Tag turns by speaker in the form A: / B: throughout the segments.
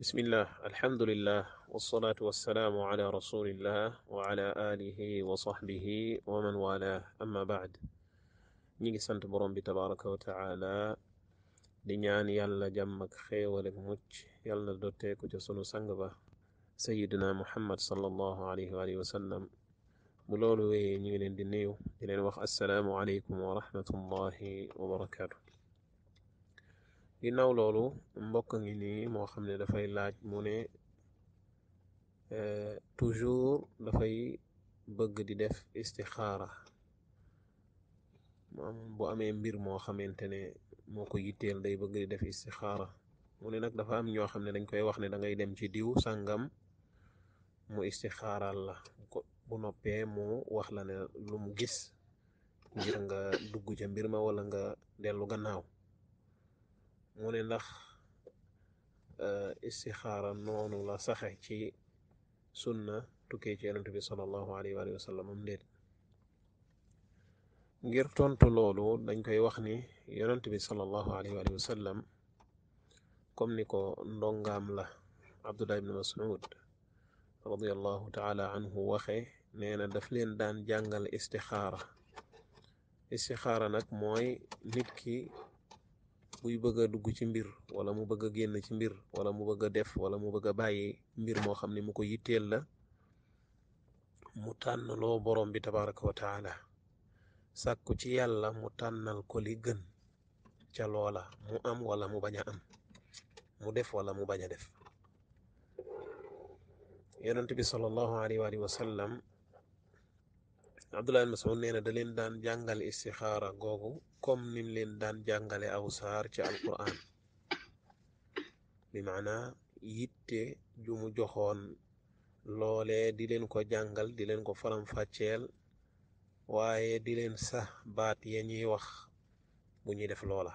A: بسم الله الحمد لله والصلاة والسلام على رسول الله وعلى آله وصحبه ومن والاه أما بعد نيجي سنت بروم تبارك وتعالى دنيان يلا جمك خير ولك مج يلا دوتيك وجسونو سنغبا سيدنا محمد صلى الله عليه وآله وسلم مولولوي نيجي لين دي نيو السلام عليكم ورحمة الله وبركاته ginnaaw loolu mbokk ngi nii moo xam ne dafay laaj mu ne euh, toujours dafay bëgg di def istixaara maam bu amee mbir moo xamante ne moo ko yitteel day bëgg di def istixaara mu ne nag dafa am ñoo xam ne dañ koy wax ne dangay dem ci diw sàngam mu istixaaral la bu noppee mu wax la ne lu mu gis ngir nga dugg ca mbir ma wala nga dellu gannaaw mu ne ndax eh, istixaara noonu la saxe ci sunna tukkee ci yonent bi sallallahu alayhi wa sallam am ngir tontu loolu dañ koy wax ni yonent bi sallallahu alayhi wa sallam comme ni ko ndongaam la abdullah ibn mas'ud radiallahu taala anhu waxe nee daf leen daan jàngal istixaara istixaara nag mooy nit ki buy bëgg a dugg ci mbir wala mu bëgg a génn ci mbir wala mu bëgg def wala mu bëgg a bàyyi mbir moo xam ne mu ko yitteel la mu tànnaloo borom bi tabaraka wa taala sàkku ci yàlla mu tànnal ko li gën ca loola mu am wala mu bañ a am mu def wala mu bañ a def yonent bi sallallahu alayhi wa abdoulahi masaoud neena da leen daan jàngale istixaara googu comme nim leen daan jàngale awsaar ci alquran bi maanaa yitte ju mu joxoon loolee di leen ko jàngal di leen ko faram fàcceel waaye di leen sax baat ya ñuy wax bu ñuy def loola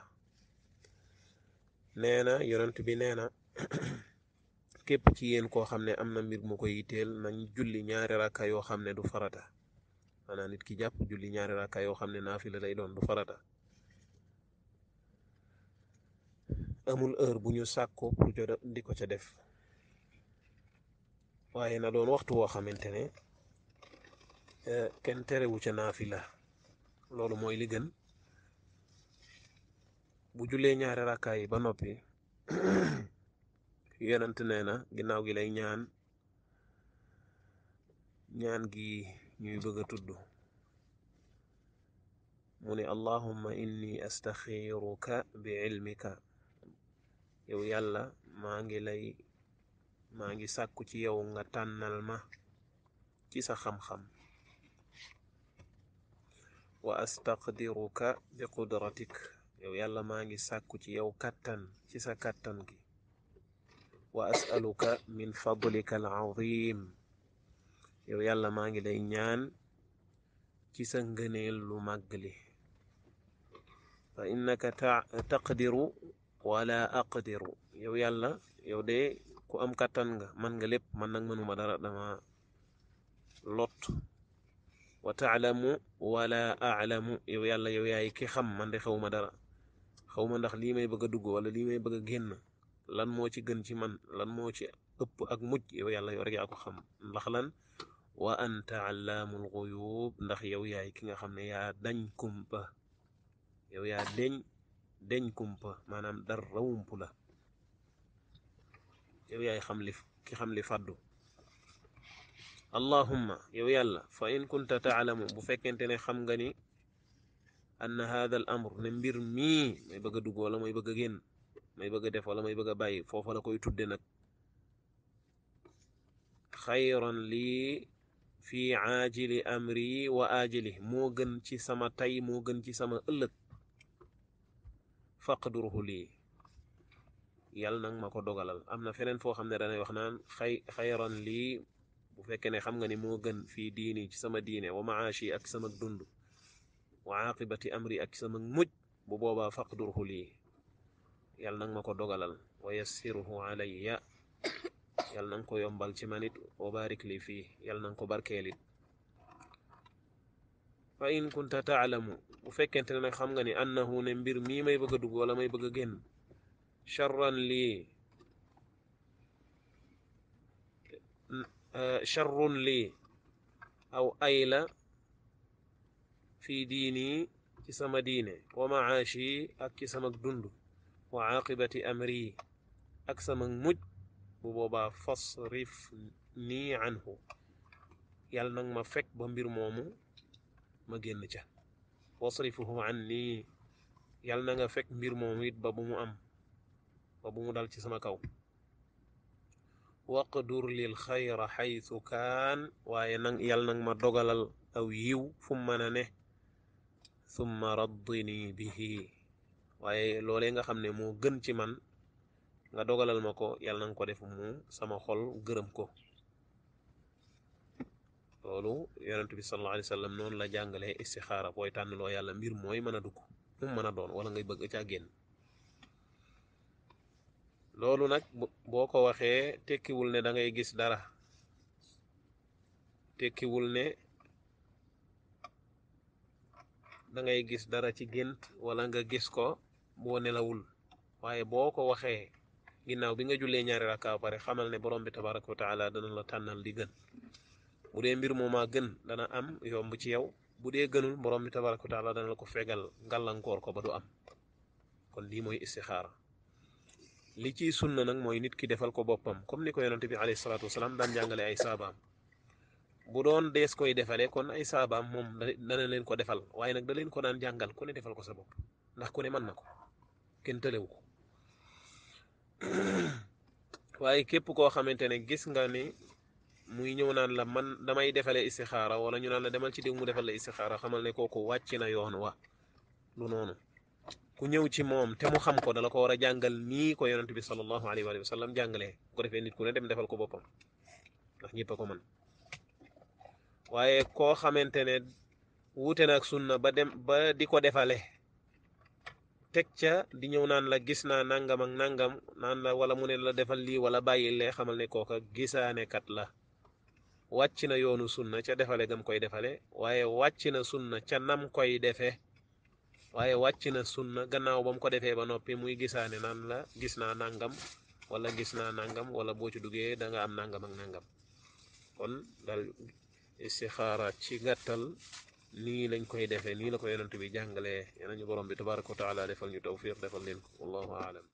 A: nee na yonent bi nee na képp ci yéen koo xam ne am na mbir mu ko yitteel nañ julli ñaari raka yoo xam ne du farata maanaam nit ki jàpp julli ñaari rakka yoo xam ne naafila lay doon du farata amul heure bu ñu sàkko pour jot di ko ca def waaye na doon waxtu woo xamante ne eh, kenn terewu ca naafila loolu mooy li bu jullee ñaare rakka yi ba noppi yonent nee na ginnaaw gi lay ñaan ñaan gi ñuy bëgg a tudd mu ne allahumma inni astaxiruka bi ilmika yow yàlla maa ngi lay maa ngi sàkku ci yow nga tànnal ma ci sa xam-xam wa astaqdiruka bi qudratik yow yàlla maa ngi sàkku ci yow kàttan ci sa kàttan gi wa asaluka min fadlika al yow yàlla maa ngi lay ñaan ci sa ngëneel lu màgg li fa innaka taqdiru wala aqdiru yow yàlla yow de ku am kàttan nga man nga lépp man nag mënuma dara dama lot wa taalamu wala aalamu yow yàlla yow yaay ki xam man de xawma dara ma ndax lii may bëgg a dugg wala lii may bëgg a génn lan moo ci gën ci man lan moo ci ëpp ak mujj yow yàlla yow rek yaa ko xam wa anta allaamul xuyuub ndax yow yaay ki nga xam ne yaa dañ kumpa yow maanaam dara wump la yow yaay ki xam li fàddu allahumma yow yàlla fa in kunta taalamu bu fekkente ne xam nga ni an haada al ne mbir mii may bëgg a dugg wala may bëgg a may bëgg a def wala may bëgg a bàyyi foofa la koy tudde nag xayran lii fii aajili amri wa aajili moo gën ci sama tey moo gën ci sama ëllëg faqdurhu lii yàlla nag ma ko dogalal am na feneen foo xam ne danay wax naan xay xayran lii bu fekkee ne xam nga ni moo gën fii diini ci sama diine wa maashi ak sama dund wa aaqibati amri ak sama muj bu boobaa faqdurhu lii yàlla nag ma ko dogalal wa yassirhu alayya yal na nga ko yombal ci manit wa barik fii yal na ko barkeelit fa in kunta taalamu bu fekkente ne nag xam nga ni annahu ne mbir mi may bëgg a dugg wala may bëgg a génn charran lii charrun lii aw ay la fii diini ci sama diine wa maashi ak ci sama dund wa aqibati amri ak sama mujj bu boobaa fasrif nii anhu ma fekk ba mbir moomu ma génn ca wasrifuhu an nii yàlla na nga fekk mbir moom it ba bu mu am ba bu mu dal ci sama kaw waqdur lil xayra xaytu kaan waaye nag yàlla nag ma dogalal aw yiw fu mu mën ne summa raddini bihi waaye loolee nga xam ne moo gën man nga dogalal ma ko yàlla na nga ko def sama xol gërëm ko loolu yonent bi sallallahu alayhi wa sallam noonu la jàngalee istixaara booy tànnloo yàlla mbir mooy mën a dugg mu mën a doon wala ngay bëgg caa génn loolu nag boo ko waxee tekkiwul ne da ngay gis dara tekkiwul ne da gis dara ci gént wala nga gis ko boo nelawul waaye boo ko waxee ginnaaw bi nga jullee ñaari rakka ba pare xamal ne borom bi tabaraka wa taala dana la tànnal di gën bu dee mbir moomaa gën dana am yomb ci yow bu dee gënul borom bi tabaraka wa taala dana la ko fegal ngàllankoor ko ba du am kon lii mooy istixaara li ciy sunna nag mooy nit ki defal ko boppam comme ni ko yonente bi alayhi salaatu wasalaam daan jàngale ay saabaam bu doon dees koy defalee kon ay saabaam moom dana leen ko defal waaye nag da leen ko daan jàngal ku ne defal ko sa bopp ndax ku ne mën na ko kenn tëlewu ko waaye képp koo xamante ne gis nga ni muy ñëw naan la man damay defalee istixaara wala ñu naan la demal ci diw mu defal la istixaara xamal ne ko wàcc na yoon wa lu noonu ku ñëw ci moom te mu xam ko dala ko war a jàngal nii ko yonent bi sallallahu alayhi wa sallam jàngalee bu ko defee nit ku ne dem defal ko boppam ndax ñëpp ko mën waaye koo xamante ne wuute na ak sunna ba dem ba di ko defale tecca di ñëw naan la gis naa nangam ak nangam naan la wala mu ne la defal lii wala bàyyil le xamal ne kooka gisaane kat la wàcc na yoonu sunna ca defale gam koy defale waaye wàcc na sunna ca nam koy defe waaye wàcc na sunna gannaaw ba mu ko defee ba noppi muy gisaane naan la gis naa nangam wala gis naa nangam wala boo ci duggee da nga am nangam ak nangam kon dal istixaara ci gàttal nii lañ koy defee nii la ko yonent bi jàngalee yal nañu borom bi tabaraka wa taala defal ñu tawfiq defal leen ko wallahu aalam